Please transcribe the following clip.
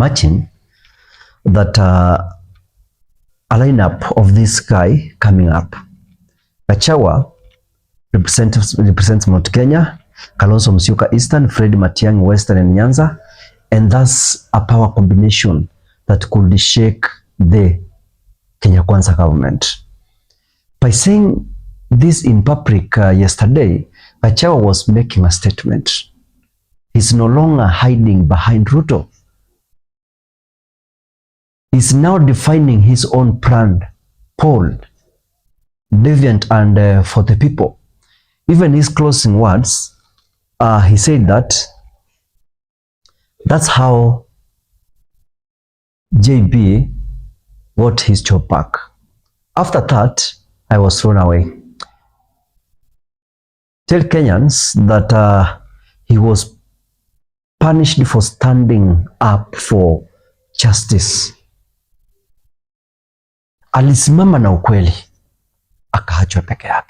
imagine that uh, a lineup of this guy coming up. Gachagua represents, represents Mount Kenya, Kalonzo Musyoka Eastern, Fred Matiang'i Western and Nyanza, and thus a power combination that could shake the Kenya Kwanza government. By saying this in public uh, yesterday, Gachagua was making a statement. He's no longer hiding behind Ruto is now defining his own brand, paul deviant and uh, for the people. Even his closing words, uh, he said that that's how JB got his job back. After that, I was thrown away. Tell Kenyans that uh, he was punished for standing up for justice alisimama na ukweli, akaachwa peke yake.